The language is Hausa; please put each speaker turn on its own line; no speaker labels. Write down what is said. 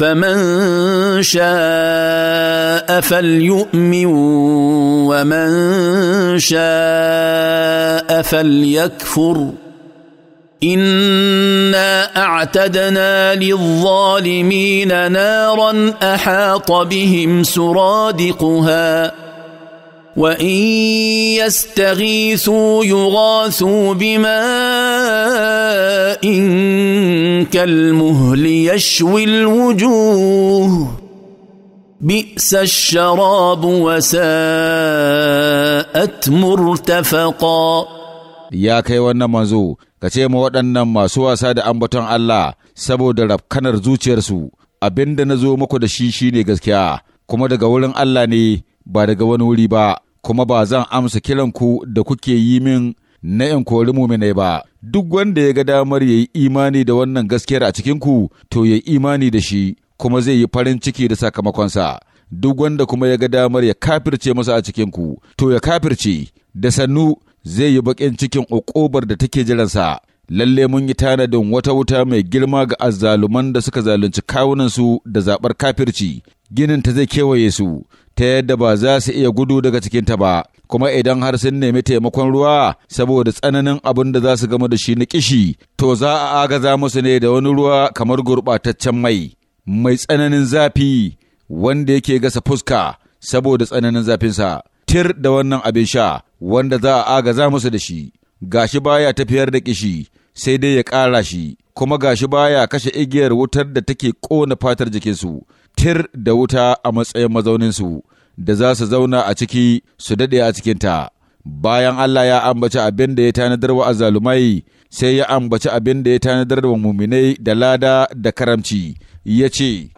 فمن شاء فليؤمن ومن شاء فليكفر انا اعتدنا للظالمين نارا احاط بهم سرادقها وان يستغيثوا يغاثوا بماء كالمهل يشوي الوجوه بئس الشراب وساءت مرتفقا
ya kai wannan manzo ka ce ma waɗannan masu wasa da ambaton Allah saboda rafkanar zuciyarsu abin da na zo muku da shi shine gaskiya kuma daga wurin Allah ne ba daga wani wuri ba kuma ba zan amsa kiranku da kuke yi min na yan kori muminai ba, duk wanda ya ga damar ya yi imani da wannan gaskiyar a cikinku, to ya yi imani da shi, kuma zai yi farin ciki da sakamakonsa. Duk wanda kuma ya ga damar ya kafirce masa a cikinku, to ya kafirce, da sannu zai yi baƙin cikin uƙobar da take jiransa. lalle mun yi tanadin wata wuta mai girma ga azzaluman da suka zalunci kawunansu da zaɓar kafirci, ginin ta zai kewaye su, ta yadda ba za su iya gudu daga cikinta ba, kuma idan har sun nemi taimakon ruwa saboda tsananin abin da za su gama da shi na kishi, to za a agaza musu ne da wani ruwa kamar gurɓataccen mai, mai tsananin zafi wanda yake gasa fuska saboda tsananin zafinsa, tir da wannan abin sha wanda za a agaza musu da shi. gashi baya tafiyar da kishi sai dai ya ƙara shi, kuma gashi baya kashe igiyar wutar da take ƙona fatar jikinsu, tir da wuta a matsayin mazauninsu, da za su zauna a ciki su daɗe a cikinta. Bayan Allah ya ambaci abin da ya tanadar wa azzalumai, sai ya ambaci abin da ya tanadar wa muminai da lada da karamci, ya ce,